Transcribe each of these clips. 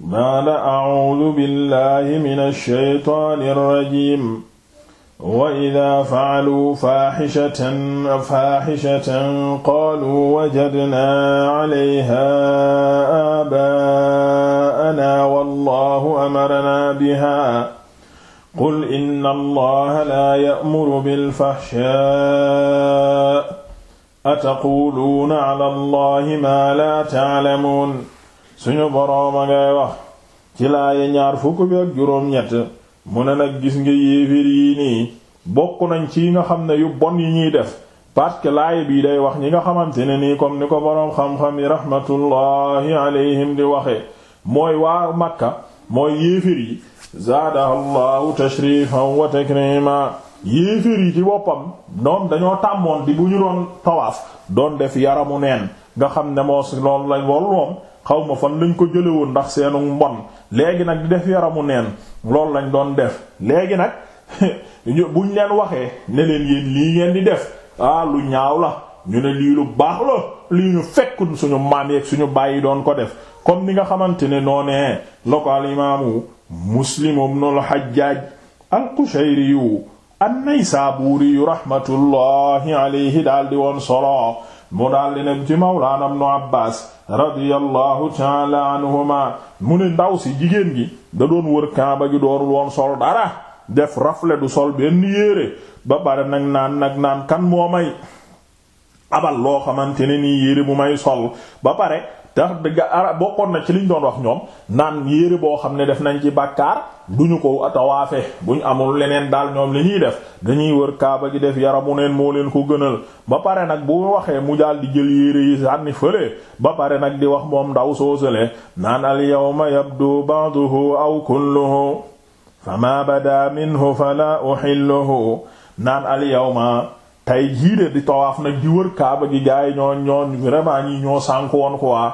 baada acuudu billahi min alsheytaani alrajim wa ida facaluu faaxishatan faaxishatan qaaluu wajadnaa calayha aabaana wallahu amaranaa biha qul inna allaha laa ya'muru bilfaxshaa ataquuluuna cala allahi maa laa taclamuun suñu boroom a ngay wax ci laaye ñaar fukk bi ak juróom-ñett mu ne nag gis ngi yéeféer yii nii bokk nañ ci nga xam ne yu bon yi ñuy def parce que laaye bii day wax ñi nga xamante ne nii comme ni ko boroom xam-xam yi rahmatullahi alayhim di waxe mooy waa Makka mooy yéeféer yi zaadaha llahu tashrifan wa takrima yi ci boppam ñoom dañoo tàmmoon di bu ñu doon tawaaf doon def yaramu neen nga xam ne moos loolu la loolu moom xaw ma fan lañ ko jële ndax seenu mbon léegi nag di def yaramu neen loolu lañ doon def léegi nag buñ leen waxee ne leen yéen lii ngeen di def ah lu ñaaw la ñu ne lii lu baax la lii ñu fekkul suñu maam yeeg suñu bàyyi doon ko def comme ni nga xamante ne noo la ko al imaamu muslim ibnul hajjaaj al qushayri yu an naysaabuuri yu rahmatullahi alayhi daal di woon solo mu daal di nekk ci mawlaana ibnu Abbaas radiyallahu taala anhuma mu ne ndaw si jigéen gi da doon wër kaaba gi doonul woon sol dara def rafle du sol benn yéere ba bare nag naan nag naan kan moo may abal loo xamante ne nii yére bu may sol ba pare tax dëgg arab bokkoon na ci liñ doon wax ñoom naan yére boo xam ne def nañ ci bàkkaar duñu ko tawaafe buñ amul leneen daal ñoom li ñuy def dañuy wër kaaba gi def yaramu neen moo leen ko gënal ba pare nag bu waxee mu daal di jël yére yi sànni fële ba pare nag di wax moom ndaw soosale naan al yawma yabdu ba'duhu aw kulluhu fama bada minhu fala uhilluhu naan al tey jii de di tawaaf nag di wër kaaba gi gars yi ñoo ñoo vraiment ñi ñoo sànk woon quoi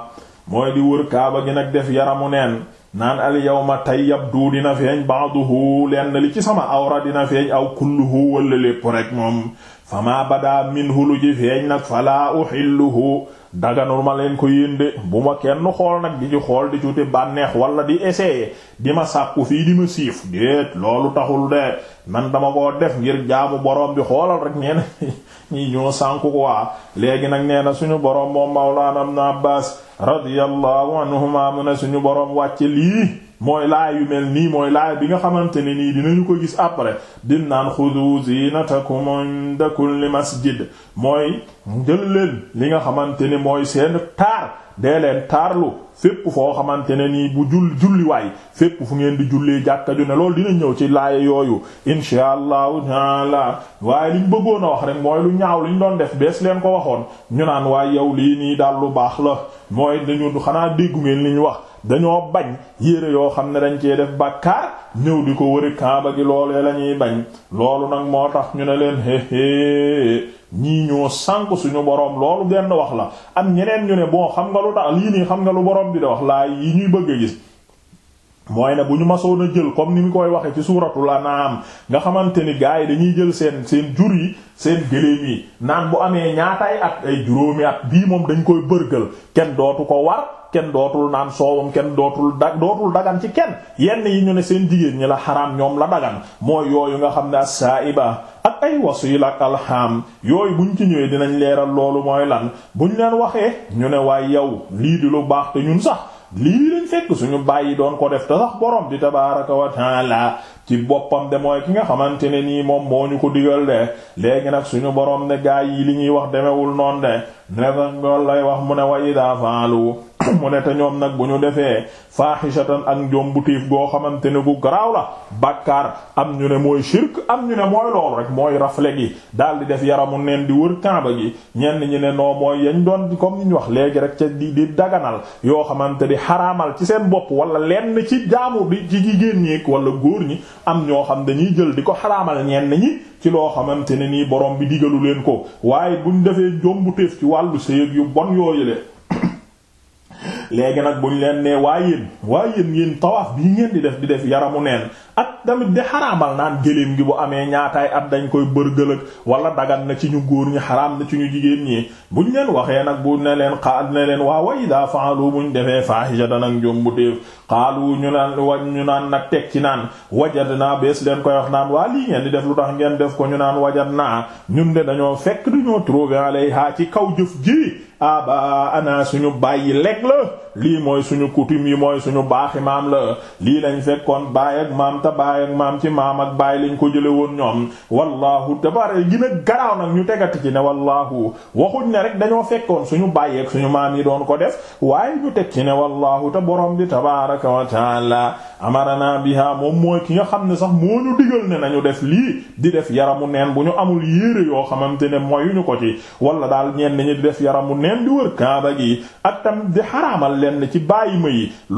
mooy di wër kaaba gi nag def yaramu neen naan al yawma tey yabdu dina feeñ ba'duhu lenn li ci sama awra dina feeñ aw kulluhu wala lépp rek moom fama bada minhu lu ji feeñ nag fala uhilluhu daganul ma leen ko yénde bu ma kenn xool nag di ci xool di cuute bànneex wala di essayer di ma sàkku fii di ma siif déet loolu taxul de man dama koo def ngir jaamu borom bi xoolal rek nee na ñi ñoo sànku ko waa léegi nag nee na suñu borom moom mawlaana ibn abbas radiyallahu anhuma mu ne suñu borom wàcce lii mooy laay yu mel nii mooy laay bi nga xamante ne nii dinañu ko gis après din naan xudu zinatakum inda kulli masjid mooy jël leen li nga xamante ni mooy seen taar dee leen taarlu fépp foo xamante ne nii bu jull julliwaay fépp fu ngeen di jullee jàkka ju ne loolu dina ñëw ci laay yooyu insha allahu taala waaye liñ bëggoon a wax rek mooy lu ñaaw liñ doon def bees leen ko waxoon ñu naan waay yow lii nii daal lu baax la mooy dañu xanaa déggu ngeen liñ wax dañoo bañ yére yoo xam ne dañ cee def bàkkaar ñëw di ko wëri kaaba gi loolee la ñuy bañ loolu nag moo tax ñu ne leen éé ñii ñoo sànk suñu boroom loolu genn wax la am ñeneen ñu ne bon xam nga lu tax lii nii xam nga lu boroom bi da wax laa yi ñuy bëgg a gis mooy ne bu ñu masoon a jël comme ni mu koy waxee ci suuratul An'aam nga xamante ni gaa yi dañuy jël seen seen jur yi seen gëléem yi naan bu amee ñaataay at ay juróomi at bii moom dañ koy bërgël kenn dootu ko war kenn dootul naan soowam kenn dootul da dootul dagan ci kenn yenn yi ñu ne seen jigéen ñi la xaraam ñoom la dagan mooy yooyu nga xam ne as iba ak ay wasiila ak alxaam yooyu bu ñu ci ñëwee dinañ leeral loolu mooy lan buñ leen waxee ñu ne waaye yow lii lu baax te ñun sax lii lañ fekk suñu bàyyi doon ko def te sax borom di tabaaraka wa ci boppam de mooy ki nga xamante ne nii moom moo ñu ko digal de léegi nag suñu borom ne gaa yi li ñuy wax demewul noon de ne sax lay wax mu ne wa daa faalu mu ne te ñoom nag bu ñu defee faaxisatan ak njombutéef goo xamante ne bu garaaw la bàkkaar am ñu ne mooy shirk am ñu ne mooy lool rek mooy rafle yi daal di def yaramu neen di wër kaaba gi ñenn ñi ne noo mooy yañ doon comme ñu wax léegi rek ca di di daganal yoo xamante di xaraamal ci seen bopp wala lenn ci jaamu di ci jigéen ñi wala góor ñi am ñoo xam dañuy jël di ko xaraamal ñenn ñi ci loo xamante ne nii borom bi digalu leen ko waaye buñ defee njombutéef ci wàllu sëy bon yooyu le léegi nag buñ leen nee waa yéen waa yéen yéen tawaaf bii ngeen di def di def yaramu neen ak tamit di xaraamal naan gëléem gi bu amee ñaataay at dañ koy bërgëlëg wala dagat na ci ñu góor ñi xaram na ci ñu jigéen ñi buñ leen waxee nag bu ne leen xaal ne leen waa way daa faalu buñ defee faahishatan ak njombu téef xaalu ñu naan wa ñu naan nag teg ci naan wajat naa bees leen koy wax naan waa lii ngeen di def lu tax ngeen def ko ñu naan wajat naa ñun de dañoo fekk duñoo trouver alayha ci kaw jëf ji aba ana suñu bàyyi leg la lii mooy suñu coutume yi mooy suñu baaxi maam la lii lañ fekkoon baay ak maam te baay ak maam ci maam ak baay lañ ko jële woon ñoom wallahu tabara gën a garaaw nag ñu tegati ci ne wallahu waxuñ ne rek dañoo fekkoon suñu bàyyi ak suñu maam yi doon ko def waaye ñu teg ci ne wallahu te boroom bi tabaraka wa taala amarana biha moom mooy ki nga xam ne sax moo ñu digal ne nañu def lii di def yaramu neen bu ñu amul yéere yoo xamante ne ngeen di wër kaaba gi ak tamit di xaraamal leen ci bàyyi ma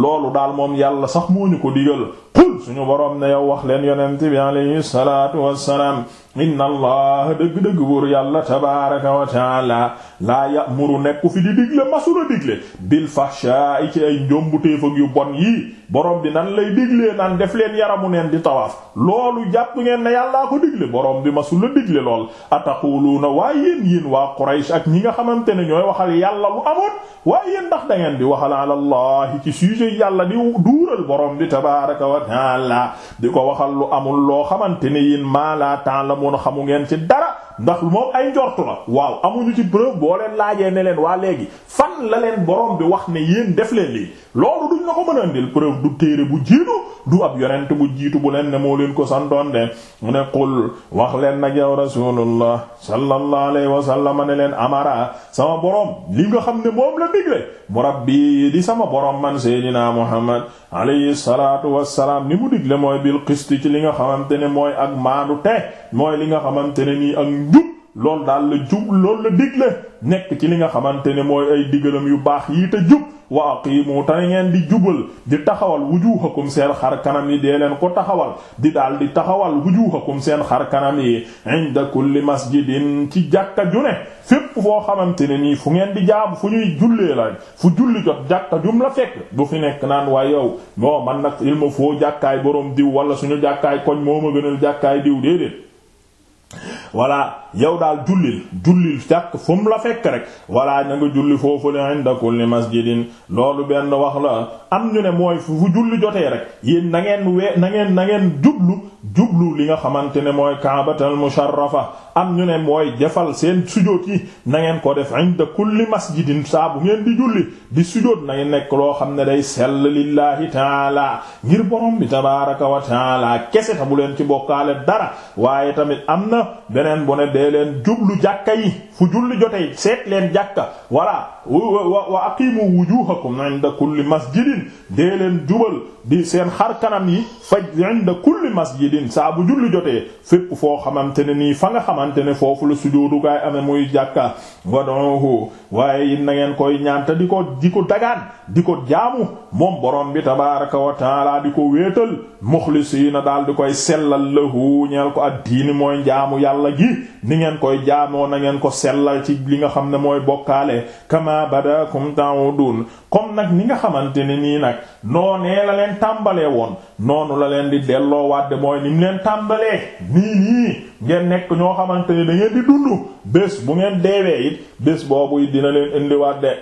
loolu daal moom yàlla sax moo ko digal xul suñu borom ne yow wax leen yonent bi alayhi salaatu wassalaam inna allah dëgg-dëgg buur yàlla tabaraka wa taala laa ya'muru nekku fi di digle masula digle bil fahsha'i ci ay njombuteef ak yu bon yii borom bi nan lay diglee nan def leen yaramu neen di tawaaf loolu jàpp ngeen ne yàllaa ko digle borom bi masula digle lool ataquluuna waaye yéen yéen waa Quraysh ak ñi nga xamante ne ñooy waxal yàlla lu amoon waaye yéen ndax da ngeen di waxal alallahi ci sujet yàlla di duural borom bi tabaraka wa taala di ko waxal lu amul loo xamante ne yéen ma la ta'lamu xamoon xamu ngeen ci dara ndax moom ay njortu la waaw amuñu ci preuve boo leen laajee ne leen waa léegi fan la leen borom bi wax ne yéen def leen lii loolu duñ la ko mën a andil preuve du téere bu jiitu du ab yonent bu jiitu bu leen ne moo leen ko santoon de mu ne qul wax leen nag yow rasulullah sallallahu alayhi wa sallam ne leen amara sama borom li nga xam ne moom la digle murabbi di sama borom man seydina muhammad alayhi wa wassalaam ni mu digle mooy bil qist ci li nga xamante ne mooy ak maadu te mooy li nga xamante ne nii ak njub loolu daal la jub loolu la digle nekk ci li nga xamante ne mooy ay digalam yu baax yi te jub wa aqiimu te ngeen di jubal di taxawal wujuhakum seen xar kanam yi dee leen ko taxawal di daal di taxawal wujuhakum seen xar kanam yi inda kulli masjidin ci jàkka ju ne fépp foo xamante ne nii fu ngeen di jaamu fu ñuy jullee la fu julli jot jàkka jum la fekk bu fi nekk naan waaye yow moo man nag il me faut jàkkaay borom diw wala suñu jàkkaay koñ moo ma gënal jàkkaay diw déedéet voilà yow daal jullil jullil càkk fu la fekk rek voilà na nga julli foofu la inda kulli masjidin loolu benn wax la am ñu ne mooy fu julli jotee rek yéen na ngeen we na ngeen na ngeen jublu jublu li nga xamante ne mooy kaabatal musarrafa am ñu ne mooy jafal seen sujoot yi na ko def inda kulli masjidin saabu ngeen di julli di sujoot na nekk loo xam ne day sell lillahi taala ngir bo bi tabaraka wa taala kese ta bu leen ci bokkaale dara waaye tamit am na beneen bu ne dee leen jublu jàkka yi fu julli jotee seet leen jàkka voilà wa aqimu wujuhakum inda kulli masjidin dee leen jubal di seen xar kanam yi fa faj inda kulli masjidin saa bu julli jotee fépp foo xamante ne nii fa nga xamante ne foofu la sujoodukaay amee muy jàkka wad'uhu waaye it nangeen koy ñaanta di ko di ko dagaan di ko jaamu moom borom bi tabaraka wa di ko wéetal na daal di koy sellal lahu ñeel ko ad diini mooy jaamu yàlla gi ni ngeen koy jaamoo nangeen ko sellal ci li nga xam ne mooy bokkaale kama badakum ta'udun comme nag ni nga xamante ne nii nag noonee la leen tàmbalee woon noonu la leen di delloo wadde mooy ni mu leen tàmbalee nii nii ngeen nekk ñoo xamante ne di dund bés bu ngeen deewee it bés boobu dina leen indiwaat de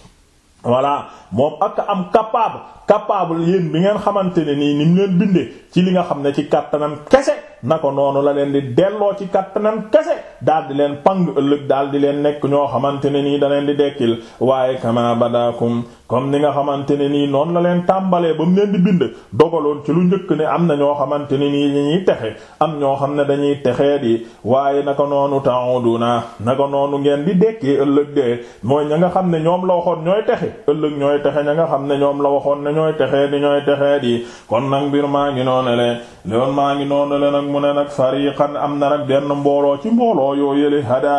voilà moom ak am capable capable yéen bi ngeen xamante ne nii ni mu leen bindee ci li nga xam ne ci kattanam kese na ko noonu la leen di delloo ci kattanam kese daal di leen pang ëllëg daal di leen nekk ñoo xamante ne nii daleen di dekkil waaye kama badaakum comme ni nga xamante ne nii noonu la leen tàmbalee ba mu leen di bind dogaloon ci lu njëkk ne am na ñoo xamante ne nii ñuy texe am ñoo xam ne dañuy texee di waaye naka noonu ta'uduna naka noonu ngeen di dekkee ëllëg de mooy ña nga xam ne ñoom la waxoon ñooy texe ëllëg ñooy ñooy texee di ñooy texee di kon nag mbir maa ngi noonu le loon maa ngi noonu le nag mu ne nag fariqan am na nag benn mbooloo ci mbooloo yoo yële hada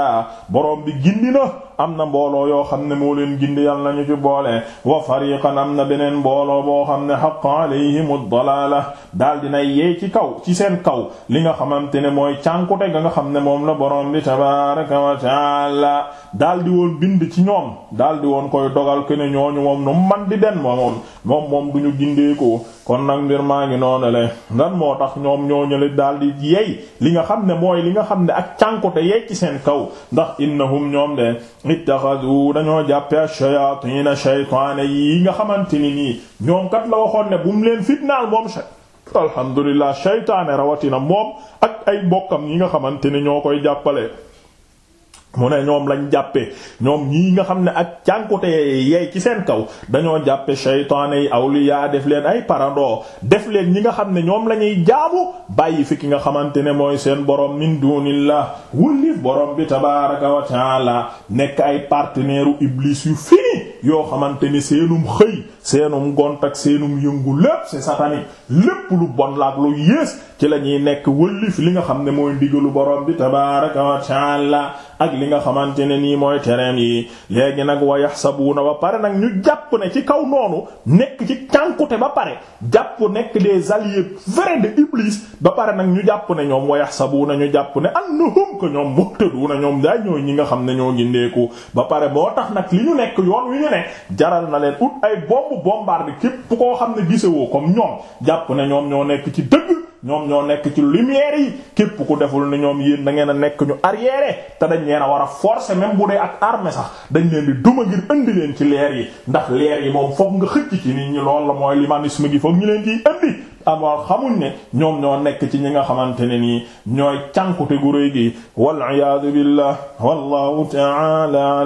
borom bi gindi na am na mbooloo yoo xam ne moo leen gindi yàlla nañu ci boole wa fariqan am na beneen mbooloo boo xam ne haqqa alayhimu la daal dina yee ci kaw ci seen kaw li nga xamante ne mooy cànkute ga nga xam ne moom la borom bi tabaaraka wa taala daal di woon bind ci ñoom daal di woon koy dogal ke ne ñooñu moom nu man di den moom moom moom du ñu gindee ko kon nag mbir maa ngi noonu le ndan moo tax ñoom ñoo ñële daal di yey li nga xam ne mooy li nga xam ne ak cànkute yey ci seen kaw ndax innahum ñoom de ittaxadu dañoo jàppe ash-shayaatiina shaytaane yi nga xamante ni nii ñoom kat la waxoon ne bu mu leen fitnaal moom alhamdulillah shaytaane rawatina moom ak ay bokkam yi nga xamante ne ñoo koy jàppale mu ne ñoom lañ jàppee ñoom ñii nga xam ne ak cànkute yeey ci seen kaw dañoo jàppe shaytaane yi awliya def leen ay parandoo def leen ñi nga xam ne ñoom la ñuy jaamu bàyyi fi ki nga xamante ne mooy seen borom min dunillah wullif borom bi tabaraka wa la nekk ay partenaire u iblis yu fini yoo xamante ni seenum xëy seenum ngont ak seenum yëngu lépp c'est satanique lépp lu bon laa ak lu yées ci la ñuy nekk wëllif li nga xam ne mooy ndigalu borom bi tabaaraka wa la ak li nga xamante ne nii mooy tereem yi léegi nag wa yaxsabuuna ba pare nag ñu jàpp ne ci kaw noonu nekk ci cànkute ba pare jàpp nekk des alliés vrais de Iblis ba pare nag ñu jàpp ne ñoom wa yaxsabuuna ñu jàpp ne annahum ko ñoom muhtaduuna ñoom daay ñooy ñi nga xam ne ñoo gindeeku ne jaral na leen ut ay bomb bombarde képp koo xam ne gisewoo comme ñoom jàpp ne ñoom ñoo nekk ci dëgg ñoom ñoo nekk ci lumière yi képp ku deful ne ñoom yéen da ngeen a nekk ñu arrière te dañ leen a war a forcer même bu dee ak armée sax dañ leen di duma ngir indi leen ci leer yi ndax leer yi moom foog nga xëcc ci nit ñi lool la mooy l'humanisme gi foog ñu leen ciy indi amoo xamuñ ne ñoom ñoo nekk ci ñi nga xamante ne nii ñooy cànkute gu réy gi wal iyaadu billah wallahu ta'ala